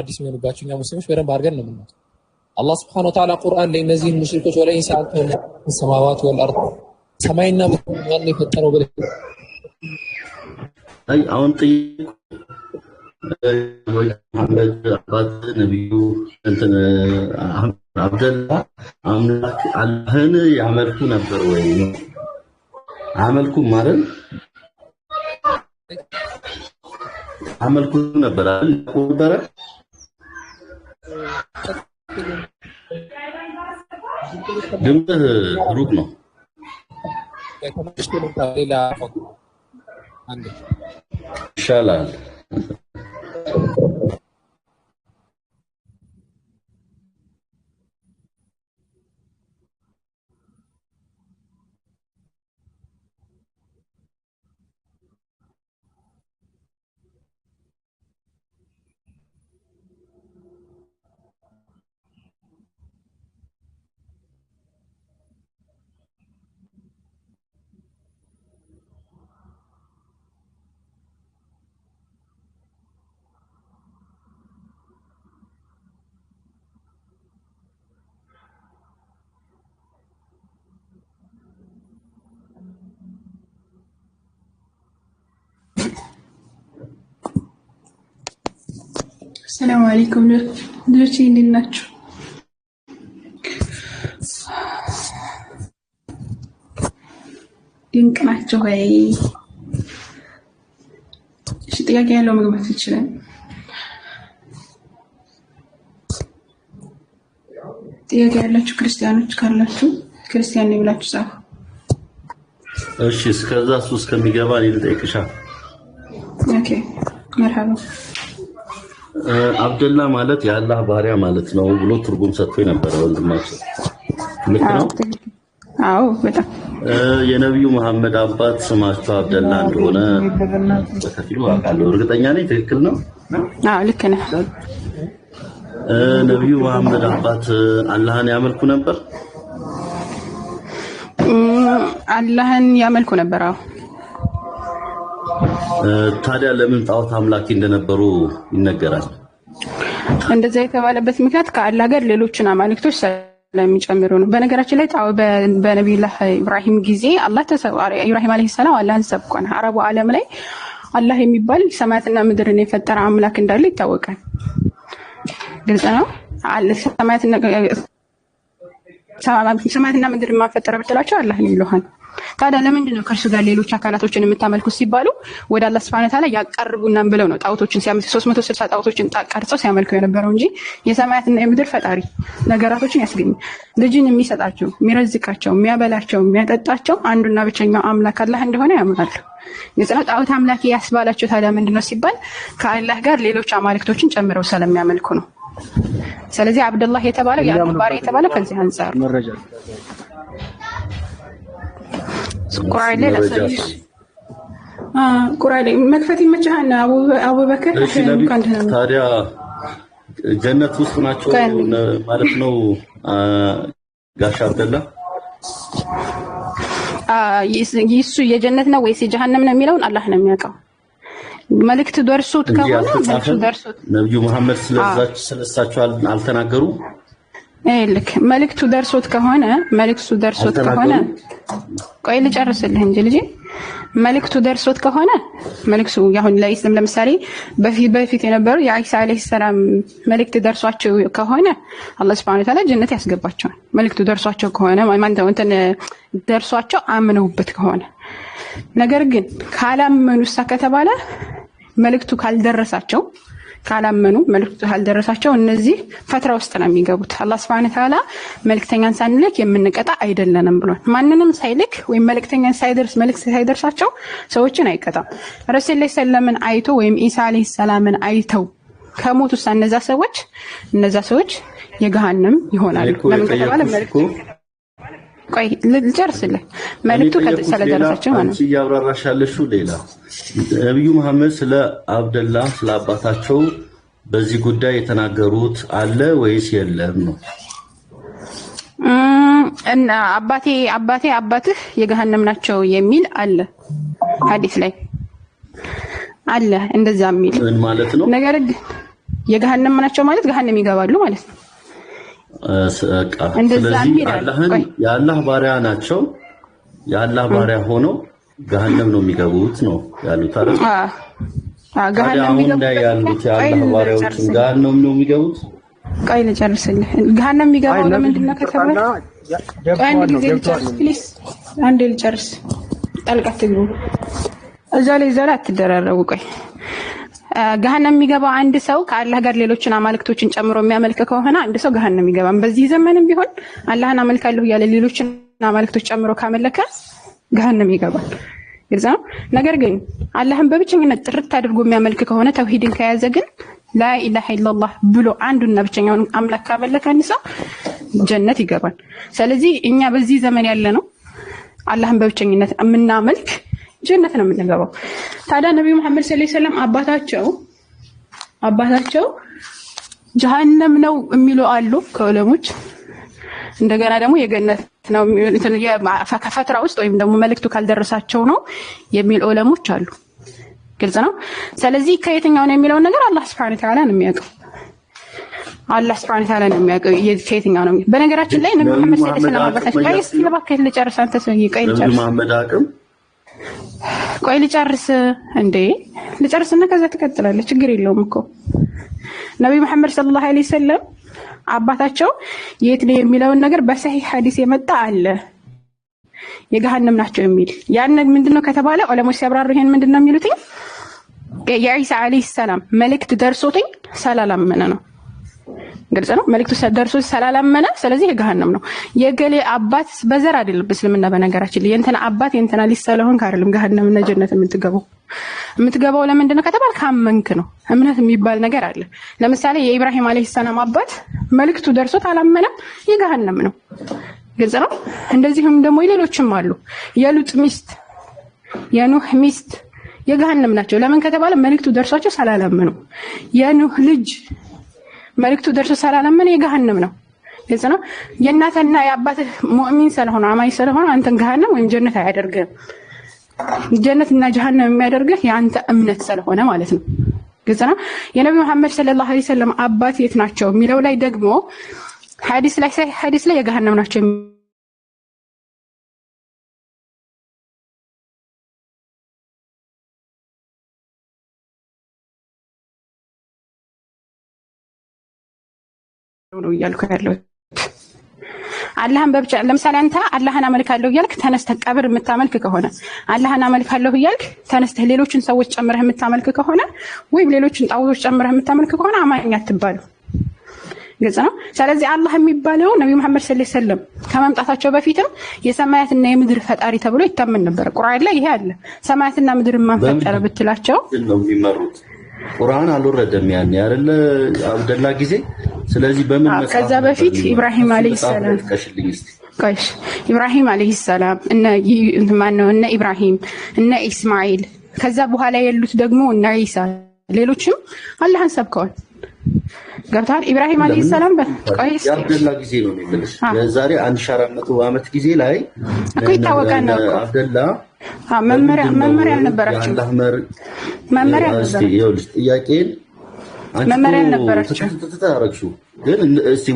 አዲስ የሚሆንባቸው እኛ ሙስሊሞች በደንብ አድርገን ነው የምናውቀው። አላህ ስብሐነሁ ወተዓላ ቁርአን ላይ እነዚህን ሙሽሪኮች ወለኢን ሰአልተሁም ወል አርድ ሰማይና ምድርን የፈጠረው ብለ አይ አሁን ጥይቁ መሐመድ አባት እንትን አብደላ አምላክ አላህን ያመልኩ ነበር ወይ? አመልኩ ማለት አመልኩ ነበር አይደል? ነበረ ¿De dónde eh, grupo? Shalal. ሰላም አለይኩም ልጆቼ እንዴት ናችሁ? ድንቅ ናቸው ወይ? እሺ፣ ጥያቄ ያለው መግባት ይችላል። ጥያቄ ያላችሁ ክርስቲያኖች ካላችሁ ክርስቲያን ብላችሁ ጻፉ። እሺ፣ እስከዛ እሱ እስከሚገባ እኔ ልጠይቅሻለሁ። ኦኬ፣ መርሃባ አብደላ ማለት የአላህ ባሪያ ማለት ነው ብሎ ትርጉም ሰጥቶ ነበረ ወንድማችን። ልክ ነው? አዎ በጣም የነቢዩ መሐመድ አባት ስማቸው አብደላ እንደሆነ በከፊሉ አውቃለሁ። እርግጠኛ ነኝ። ትክክል ነው? አዎ ልክ ነው። ነቢዩ መሐመድ አባት አላህን ያመልኩ ነበር። አላህን ያመልኩ ነበር። አዎ ታዲያ ለምን ጣዖት አምላኪ እንደነበሩ ይነገራል። እንደዚያ የተባለበት ምክንያት ከአላህ ጋር ሌሎችን አማልክቶች ስለሚጨምሩ ነው። በነገራችን ላይ በነቢዩላህ ኢብራሂም ጊዜ ኢብራሂም ዓለይሂ ሰላም አላህን ሰብኳን። አረቡ ዓለም ላይ አላህ የሚባል ሰማያትና ምድርን የፈጠረ አምላክ እንዳለ ይታወቃል። ግልጽ ነው። ሰማያትና ምድር ማፈጠረ ብትላቸው አላህን ይሉሃል። ታዲያ ለምንድን ነው ከእርሱ ጋር ሌሎች አካላቶችን የምታመልኩት ሲባሉ ወደ አላህ ስብሐነ ተዓላ ያቀርቡናን ብለው ነው ጣዖቶችን ሲያመልኩ ጣዖቶችን ቀርጸው ሲያመልኩ የነበረው እንጂ የሰማያትና የምድር ፈጣሪ ነገራቶችን ያስገኝ ልጅን የሚሰጣቸው የሚረዝቃቸው የሚያበላቸው የሚያጠጣቸው አንዱና ብቸኛው አምላክ አላህ እንደሆነ ያምናሉ። የጽና ጣዖት አምላክ ያስባላቸው ታዲያ ነው ሲባል ከአላህ ጋር ሌሎች አማልክቶችን ጨምረው ስለሚያመልኩ ነው። ስለዚህ አብደላህ የተባለው ያ የተባለው ከዚህ አንጻር ቁራይ ላይ ላሳይሽ። ቁራይ ላይ መክፈት ይመችሃል። አቡበከር ታዲያ ጀነት ውስጥ ናቸው ማለት ነው ጋሽ አብደላ ይሱ የጀነት ነው ወይስ የጀሃነም ነው የሚለውን አላህ ነው የሚያውቀው። መልእክት ደርሶት ከሆነ ደርሶት ነብዩ መሐመድ ስለዛች ስለሳቸው አልተናገሩም። ይልክ መልእክቱ ደርሶት ከሆነ መልእክቱ ደርሶት ከሆነ ቆይ ልጨርስልህ እንጂ ልጄ መልእክቱ ደርሶት ከሆነ መልእክቱ አሁን ለኢስላም ለምሳሌ በፊት በፊት የነበረው የአይሳ አለይሂ ሰላም መልእክት ደርሷቸው ከሆነ አላህ ሱብሐነሁ ወተዓላ ጀነት ያስገባቸዋል። መልእክቱ ደርሷቸው ከሆነ ማለት ነው እንትን ደርሷቸው አምነውበት ከሆነ ነገር ግን ካላመኑሳ ከተባለ መልእክቱ ካልደረሳቸው ካላመኑ መልክቱ ካልደረሳቸው እነዚህ ፈትራ ውስጥ ነው የሚገቡት። አላህ ስብሐነ ተዓላ መልክተኛን ሳንልክ የምንቀጣ አይደለንም ብሏል። ማንንም ሳይልክ ወይም መልክተኛ ሳይደርስ መልክት ሳይደርሳቸው ሰዎችን አይቀጣም። ረሱል ላይ ሰለምን አይቶ ወይም ኢሳ አለይሂ ሰላምን አይተው ከሞት ውስጥ እነዛ ሰዎች እነዛ ሰዎች የገሃንም ይሆናሉ። ለምን ከተባለ ቆይ ልጨርስልህ መልእክቱ ስለደረሳቸው ማለት ነው። እያብራራሽ ያለሽው ሌላ ነቢዩ መሐመድ ስለ አብደላ ስለ አባታቸው በዚህ ጉዳይ የተናገሩት አለ ወይስ የለም ነው? እና አባቴ አባቴ አባትህ የገሃነም ናቸው የሚል አለ ሐዲስ ላይ አለ እንደዛ የሚል ምን ማለት ነው? ነገር ግን የገሃነም ናቸው ማለት ገሃነም ይገባሉ ማለት ነው። ስለዚህ አላህን የአላህ ባሪያ ናቸው የአላህ ባሪያ ሆኖ ገሃነም ነው የሚገቡት ነው ያሉት አይደል? አሁን ላይ ያሉት የአላህ ባሪያዎች ገሃነም ነው የሚገቡት። ቆይ ልጨርስልህ። ገሃነም የሚገባው ለምንድን ነው ከተባለ አንድ ጊዜ ልጨርስ ፕሊስ፣ አንዴ ልጨርስ። ጣልቃ ትግቡ እዛ ላይ ዘላ አትደራረቡ። ቆይ ገሃነም የሚገባው አንድ ሰው ከአላህ ጋር ሌሎችን አማልክቶችን ጨምሮ የሚያመልክ ከሆነ አንድ ሰው ገሃነም የሚገባም በዚህ ዘመንም ቢሆን አላህን አመልካለሁ እያለ ሌሎችን አማልክቶች ጨምሮ ካመለከ ገሃነም ይገባል። ግልጽ ነው። ነገር ግን አላህን በብቸኝነት ጥርት አድርጎ የሚያመልክ ከሆነ ተውሂድን ከያዘ ግን ላኢላሃ ኢላላህ ብሎ አንዱና ብቸኛውን አምላክ ካመለከ ሰው ጀነት ይገባል። ስለዚህ እኛ በዚህ ዘመን ያለ ነው አላህን በብቸኝነት የምናመልክ ጀነት ነው የምንገባው። ታዲያ ነቢዩ መሐመድ ሰለላሁ ዐለይሂ ወሰለም አባታቸው አባታቸው ጀሃነም ነው የሚሉ አሉ ከዑለሞች። እንደገና ደግሞ የገነት ነው ከፈትራ ውስጥ ወይም ደግሞ መልእክቱ ካልደረሳቸው ነው የሚል ዑለሞች አሉ። ግልጽ ነው። ስለዚህ ከየትኛው ነው የሚለውን ነገር አላህ ስብሐነ ወተዓላ ነው የሚያውቀው። አላህ ስብሐነ ወተዓላ ነው የሚያውቀው ከየትኛው ነው። በነገራችን ላይ ነብዩ መሐመድ ሰለላሁ ዐለይሂ ወሰለም ቆይ እስኪ እባክህ ልጨርስ፣ አንተ ሰውዬ ቆይ ልጨርስ፣ ቆይ ልጨርስ፣ እንዴ ልጨርስና ከዛ ትቀጥላለህ። ችግር የለውም እኮ ነብዩ መሐመድ ሰለላሁ ዐለይሂ ወሰለም አባታቸው የት ነው የሚለውን ነገር በሰሂ ሐዲስ የመጣ አለ የገሃነም ናቸው የሚል ያንን ምንድነው ከተባለ ዑለሞች ሲያብራሩ ይሄን ምንድነው የሚሉትኝ የዒሳ አለይሂ ሰላም መልእክት ደርሶትኝ ስላላመነ ነው ግልጽ ነው። መልክቱ ደርሶ ስላላመነ ስለዚህ ገሃነም ነው። የገሌ አባት በዘር አይደለም እስልምና። በነገራችን ላይ የእንትና አባት የእንትና ሊስ ስለሆንክ አይደለም ገሃነምና ጀነት የምትገባው። የምትገባው ለምንድን ነው ከተባል ካመንክ ነው። እምነት የሚባል ነገር አለ። ለምሳሌ የኢብራሂም አለይሂ ሰላም አባት መልክቱ ደርሶት አላመነም፣ የገሃነም ነው። ግልጽ ነው። እንደዚህም ደግሞ ሌሎችም አሉ። የሉጥ ሚስት፣ የኑህ ሚስት የገሃነም ናቸው። ለምን ከተባለ መልክቱ ደርሷቸው ስላላመኑ የኑህ ልጅ መልእክቱ ደርሶ ስላላመነ የገሃነም ነው። ግልጽ ነው። የእናተና የአባትህ ሙእሚን ስለሆነ አማኝ ስለሆነ አንተን ገሃነም ወይም ጀነት አያደርግህም። ጀነት እና ጀሃነም የሚያደርግህ የአንተ እምነት ስለሆነ ማለት ነው። ግልጽ ነው። የነቢ መሐመድ ሰለላሁ ዐለይሂ ወሰለም አባት የት ናቸው የሚለው ላይ ደግሞ ሐዲስ ላይ የገሃነም ናቸው ነው እያልኩ ያለው። አላህን በብቻ ለምሳሌ አንተ አላህን አመልካለሁ እያልክ ተነስተህ ቀብር የምታመልክ ከሆነ አላህን አመልካለሁ እያልክ ተነስተህ ሌሎችን ሰዎች ጨምረህ የምታመልክ ከሆነ ወይም ሌሎችን ጣዖቶች ጨምረህ የምታመልክ ከሆነ አማኝ አትባሉ። ግልጽ ነው። ስለዚህ አላህ የሚባለው ነቢ መሐመድ ስ ሰለም ከመምጣታቸው በፊትም የሰማያትና የምድር ፈጣሪ ተብሎ ይታመን ነበር። ቁርአን ላይ ይሄ አለ። ሰማያትና ምድርን ብትላቸው ነው ብትላቸው ቁርአን አልወረደም ያን ያለ አብደላ ጊዜ። ስለዚህ በምን ከዛ በፊት ኢብራሂም አለይሂ ሰላም ቀሽ ኢብራሂም አለይሂ ሰላም እነ ነው? እነ ኢብራሂም እነ ኢስማኤል ከዛ በኋላ ያሉት ደግሞ እነ ኢሳ ሌሎችም አላህን ሰብከዋል። ገብተዋል። ኢብራሂም አለይሂ ሰላም በቀይስ አብደላ ጊዜ ነው የሚልሽ ለዛሬ 1400 ዓመት ጊዜ ላይ እኮ ይታወቀ ነው አብደላ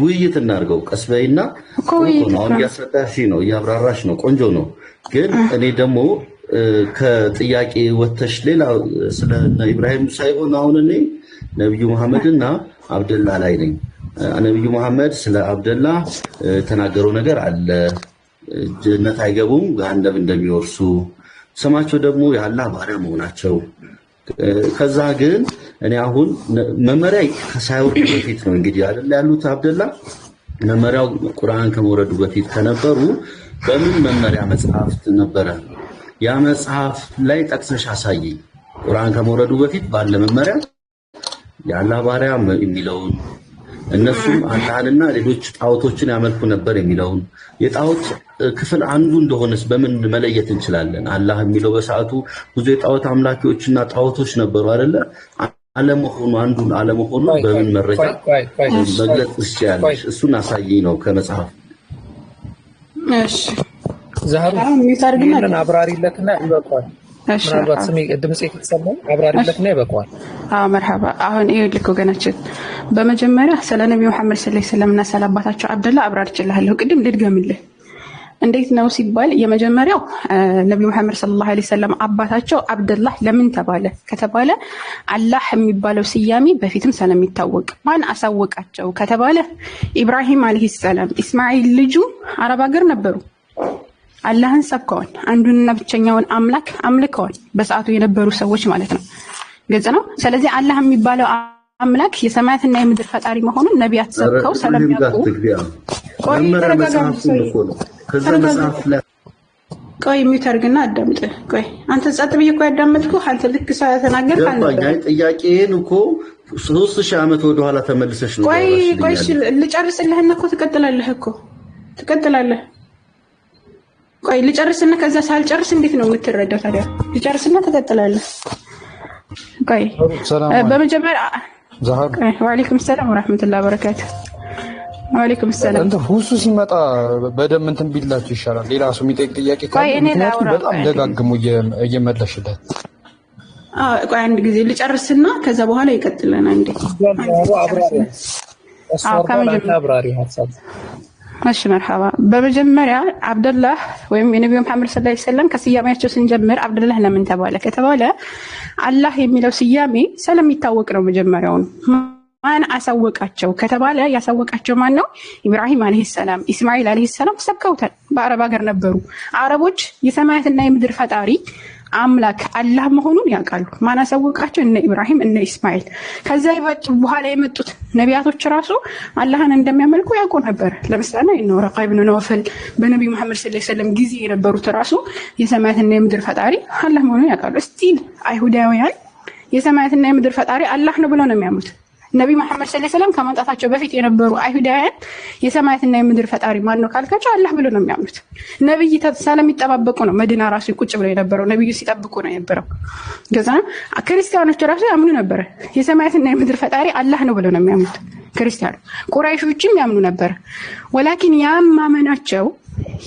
ውይይት እናድርገው። ቀስ በይና አሁን እያስረዳሽ ነው፣ እያብራራሽ ነው። ቆንጆ ነው። ግን እኔ ደግሞ ከጥያቄ ወተሽ ሌላ ስለ ኢብራሂም ሳይሆን አሁን እኔ ነቢዩ መሐመድና አብደላ ላይ ነኝ። ነቢዩ መሐመድ ስለ አብደላ ተናገረው ነገር አለ ድህነት አይገቡም፣ ገሃነም እንደሚወርሱ ስማቸው ደግሞ የአላህ ባሪያ መሆናቸው። ከዛ ግን እኔ አሁን መመሪያ ከሳይወጡ በፊት ነው እንግዲህ አይደል ያሉት አብደላ መመሪያው ቁርአን ከመውረዱ በፊት ከነበሩ በምን መመሪያ መጽሐፍት ነበረ? ያ መጽሐፍ ላይ ጠቅሰሽ አሳይኝ። ቁርአን ከመውረዱ በፊት ባለ መመሪያ የአላህ ባሪያ የሚለውን እነሱም አላህንና ሌሎች ጣዖቶችን ያመልኩ ነበር የሚለውን የጣዖት ክፍል አንዱ እንደሆነስ በምን መለየት እንችላለን? አላህ የሚለው በሰዓቱ ብዙ የጣዖት አምላኪዎችና ጣዖቶች ነበሩ አይደለ? አለመሆኑ አንዱን አለመሆኑ በምን መረጃ መግለጽ ትችያለሽ? እሱን አሳይ ነው ከመጽሐፍ ዛሩ አብራሪለትና ይበቋል ምናልባት ስሜ ድምጽ አብራሪለት ና ይበቃዋል። መርሓባ አሁን ይህ ልክ ወገናችን፣ በመጀመሪያ ስለ ነቢ መሐመድ ስለ ስለምና ስለ አባታቸው አብደላ ችላለሁ። ቅድም ልድገምልህ እንዴት ነው ሲባል የመጀመሪያው ነቢ መሐመድ ሰለላሁ ዐለይሂ ወሰለም አባታቸው አብደላህ ለምን ተባለ ከተባለ አላህ የሚባለው ስያሜ በፊትም ስለሚታወቅ ማን አሳወቃቸው ከተባለ ኢብራሂም አለይሂ ሰላም፣ ኢስማኤል ልጁ አረብ ሀገር ነበሩ አላህን ሰብከውን አንዱንና ብቸኛውን አምላክ አምልከውን በሰዓቱ የነበሩ ሰዎች ማለት ነው። ግልጽ ነው። ስለዚህ አላህ የሚባለው አምላክ የሰማያትና የምድር ፈጣሪ መሆኑን ነቢያት ሰብከው ቆይ የሚተርግና አዳምጥ። ቆይ አንተ ጸጥ ብዬ እኮ ያዳመጥኩ አንተ ልክ ሰው ያተናገር ጥያቄን እኮ ሶስት ሺህ ዓመት ወደኋላ ተመልሰሽ ነው። ቆይ ቆይ ልጨርስልህና እኮ ትቀጥላለህ እኮ ትቀጥላለህ ቆይ ልጨርስና ከዛ ሳልጨርስ እንዴት ነው የምትረዳው ታዲያ? ልጨርስና ተቀጥላለህ። ቆይ በመጀመሪያ ዋሌኩም ሰላም ወራህመቱላ በረካቱ። ዋሌኩም ሰላም እንትን ሁሱ ሲመጣ በደንብ እንትን ቢላችሁ ይሻላል። ሌላ ሱ የሚጠይቅ ጥያቄ በጣም ደጋግሞ እየመለሽለት ቆይ አንድ ጊዜ ልጨርስና ከዛ በኋላ ይቀጥለናል። እንዴ አብራሪ ሀሳብ እሺ መርሃባ በመጀመሪያ አብደላህ ወይም የነቢዩ መሐመድ ሰለላሁ ዐለይሂ ከስያሜያቸው ስንጀምር አብደላህ ለምን ተባለ ከተባለ አላህ የሚለው ስያሜ ስለሚታወቅ ነው። መጀመሪያውን ማን አሳወቃቸው ከተባለ ያሳወቃቸው ማን ነው? ኢብራሂም አለህ ሰላም፣ ኢስማኤል አለህ ሰላም ሰብከውታል። በአረብ ሀገር ነበሩ አረቦች የሰማያትና የምድር ፈጣሪ አምላክ አላህ መሆኑን ያውቃሉ። ማን አሳወቃቸው? እነ ኢብራሂም እነ ኢስማኤል ከዛ በኋላ የመጡት ነቢያቶች ራሱ አላህን እንደሚያመልኩ ያውቁ ነበር። ለምሳሌ ነው ረቃ ብን ነወፈል በነቢ መሐመድ ስ ሰለም ጊዜ የነበሩት ራሱ የሰማያትና የምድር ፈጣሪ አላህ መሆኑን ያውቃሉ። እስቲል አይሁዳውያን የሰማያትና የምድር ፈጣሪ አላህ ነው ብለው ነው የሚያምኑት። ነቢ መሐመድ ስ ሰላም ከመምጣታቸው በፊት የነበሩ አይሁዳውያን የሰማያትና የምድር ፈጣሪ ማን ነው ካልካቸው አላህ ብሎ ነው የሚያምኑት። ነቢይ ይጠባበቁ ነው መዲና ራሱ ቁጭ ብሎ የነበረው ነቢዩ ሲጠብቁ ነው የነበረው። ገዛ ክርስቲያኖች ራሱ ያምኑ ነበረ። የሰማያትና የምድር ፈጣሪ አላህ ነው ብሎ ነው የሚያምኑት ክርስቲያኑ። ቁራይሾችም ያምኑ ነበር ወላኪን ያማመናቸው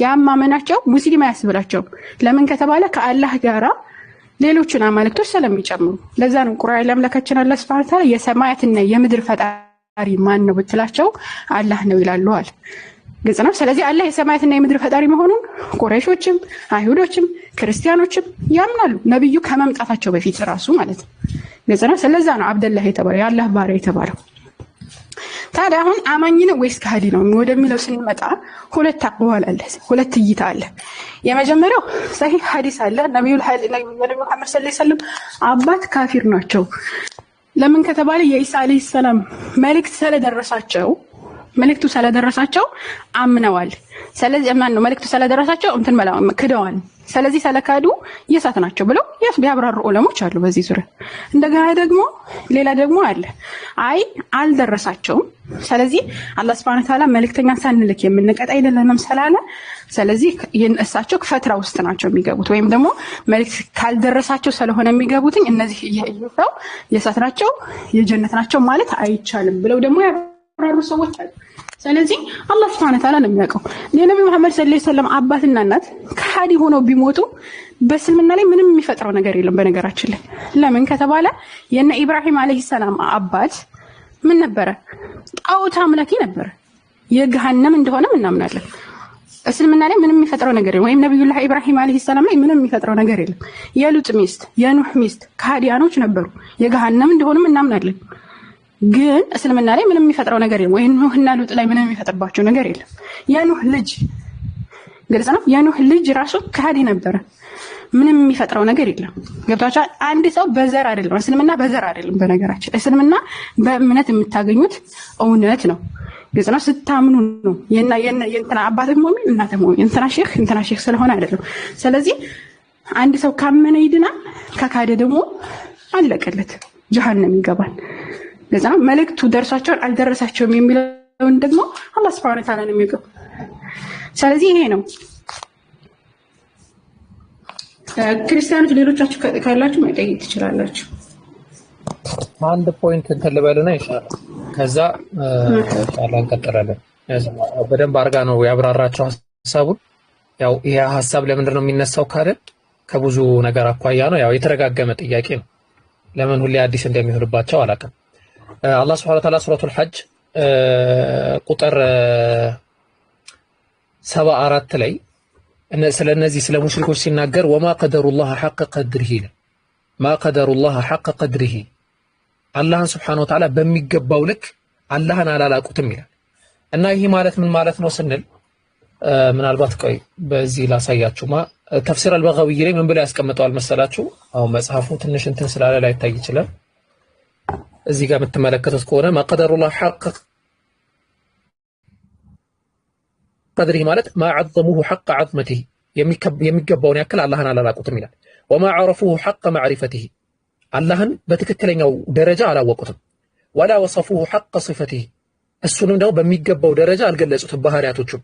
ያማመናቸው ሙስሊም አያስብላቸው። ለምን ከተባለ ከአላህ ጋራ ሌሎቹን አማልክቶች ስለሚጨምሩ ለዛ ነው ቁርአን ለአምላካችን አላህ ሱብሐነሁ ወተዓላ የሰማያትና የምድር ፈጣሪ ማን ነው ብትላቸው አላህ ነው ይላሉ አለ። ግልጽ ነው። ስለዚህ አላህ የሰማያትና የምድር ፈጣሪ መሆኑን ቁረይሾችም፣ አይሁዶችም፣ ክርስቲያኖችም ያምናሉ። ነቢዩ ከመምጣታቸው በፊት ራሱ ማለት ነው። ግልጽ ነው። ስለዛ ነው አብደላህ የተባለው የአላህ ባሪያ የተባለው። ታዲያ አሁን አማኝ ነው ወይስ ከሃዲ ነው ወደሚለው ስንመጣ ሁለት አቅዋል አለ፣ ሁለት እይታ አለ። የመጀመሪያው ሰሂህ ሀዲስ አለ። ነቢዩ መሐመድ ስ ዐለይሂ አባት ካፊር ናቸው። ለምን ከተባለ የኢሳ አለይሂ ሰላም መልእክት ስለደረሳቸው መልእክቱ ስለደረሳቸው አምነዋል። ስለዚህ ማን ነው መልእክቱ ስለደረሳቸው እንትን መላው ክደዋል። ስለዚህ ስለካዱ የሳት ናቸው ብለው ያስ ቢያብራሩ ዑለሞች አሉ በዚህ ዙሪያ። እንደገና ደግሞ ሌላ ደግሞ አለ፣ አይ አልደረሳቸውም። ስለዚህ አላህ ሱብሐነሁ ወተዓላ መልእክተኛ ሳንልክ የምንቀጥ አይደለንም ስላለ ስለዚህ እሳቸው ፈትራ ውስጥ ናቸው የሚገቡት ወይም ደግሞ መልእክት ካልደረሳቸው ስለሆነ የሚገቡትኝ እነዚህ እየሰው የሳት ናቸው የጀነት ናቸው ማለት አይቻልም ብለው ደግሞ ያብራሩ ሰዎች አሉ። ስለዚህ አላህ ስብሐነ ተዓላ ነው የሚያውቀው። የነቢ መሐመድ ሰለላሁ ዐለይሂ ወሰለም አባትና እናት ከሃዲ ሆነው ቢሞቱ በእስልምና ላይ ምንም የሚፈጥረው ነገር የለም። በነገራችን ላይ ለምን ከተባለ የነ ኢብራሂም ዐለይሂ ሰላም አባት ምን ነበረ? ጣዖት አምላኪ ነበረ። የገሃነም እንደሆነም እናምናለን። እስልምና ላይ ምንም የሚፈጥረው ነገር የለም። ወይም ነቢዩላህ ኢብራሂም ዐለይሂ ሰላም ላይ ምንም የሚፈጥረው ነገር የለም። የሉጥ ሚስት፣ የኑህ ሚስት ከሃዲያኖች ነበሩ። የገሃነም እንደሆነም እናምናለን። ግን እስልምና ላይ ምንም የሚፈጥረው ነገር የለም። ወይ ኑህና ሉጥ ላይ ምንም የሚፈጥርባቸው ነገር የለም። የኑህ ልጅ ግልጽ ነው። የኑህ ልጅ ራሱ ከሃዲ ነበረ። ምንም የሚፈጥረው ነገር የለም። ገብቷችኋል? አንድ ሰው በዘር አይደለም እስልምና በዘር አይደለም። በነገራችን እስልምና በእምነት የምታገኙት እውነት ነው። ግልጽ ነው። ስታምኑ ነው የእንትና አባትህ ሙእሚን እናትህ ሙእሚን እንትና ሼክ እንትና ሼክ ስለሆነ አይደለም። ስለዚህ አንድ ሰው ካመነ ይድናል፣ ከካደ ደግሞ አለቀለት፣ ጀሃነም ይገባል። ለዛ መልእክቱ ደርሷቸውን አልደረሳቸውም የሚለውን ደግሞ አላህ ስብሐነ ወተዓላ ነው የሚያውቀው። ስለዚህ ይሄ ነው። ክርስቲያኖች ሌሎቻችሁ ካላችሁ መጠየቅ ትችላላችሁ። አንድ ፖይንት እንትን ልበልና ይሻላል። ከዛ ቃላ እንቀጥላለን። በደንብ አድርጋ ነው ያብራራቸው ሀሳቡን። ያው ይህ ሀሳብ ለምንድን ነው የሚነሳው ካለ ከብዙ ነገር አኳያ ነው። ያው የተረጋገመ ጥያቄ ነው። ለምን ሁሌ አዲስ እንደሚሆንባቸው አላውቅም። آه، الله سبحانه وتعالى سورة الحج آه، قطر آه، سبع أرات لي أن سل النزي سل مشرك سنجر وما قدر الله حق قدره ما قدر الله حق قدره الله سبحانه وتعالى بمي جبولك الله أنا لا لا كتميل هي مالت من مالت نوصل من البات كوي بزيلا سيات شما تفسير البغوي من بلاس كما طوال مسالاتو أو مسافو تنشن تنسل لا يتايج እዚህ ጋር የምትመለከቱት ከሆነ ማቀደሩላ ሐቅ ቀድሪህ ማለት ማ ዐዘሙሁ ሐቅ ዐዝመቲህ የሚገባውን ያክል አላህን አላላቁትም ይላል። ወማ ዐረፉሁ ሐቅ ማዕሪፈቲህ አላህን በትክክለኛው ደረጃ አላወቁትም። ወላ ወሰፉሁ ሐቅ ሲፈቲህ እሱንም ደግሞ በሚገባው ደረጃ አልገለጹትም። ባህሪያቶቹን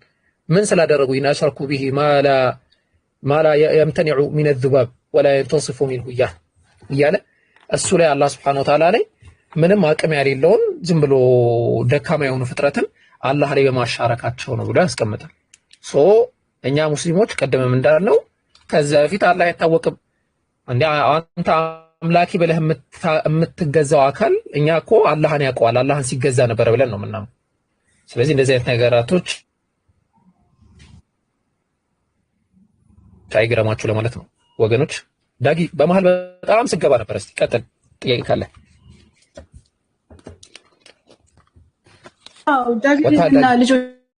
ምን ስላደረጉ ኢና አሽረኩ ቢሂ ማላ የምተኒዑ ሚነ ዙባብ ወላ የንተንስፉ ሚንሁ እያለ እሱ ላይ አላህ ስብሓነሁ ወተዓላ ላይ ምንም አቅም ያሌለውን ዝም ብሎ ደካማ የሆኑ ፍጥረትን አላህ ላይ በማሻረካቸው ነው ብሎ ያስቀምጣል። ሶ እኛ ሙስሊሞች ቀደምም እንዳልነው ከዚያ በፊት አላህ አይታወቅም። እንደ አንተ አምላኪ ብለህ የምትገዛው አካል እኛ እኮ አላህን ያውቀዋል፣ አላህን ሲገዛ ነበረ ብለን ነው የምናምነው። ስለዚህ እንደዚህ አይነት ነገራቶች አይገረማችሁ ለማለት ነው ወገኖች። ዳጊ በመሀል በጣም ስገባ ነበር። እስኪ ቀጥል፣ ጥያቄ ካለ 哦，特別係咧，例如。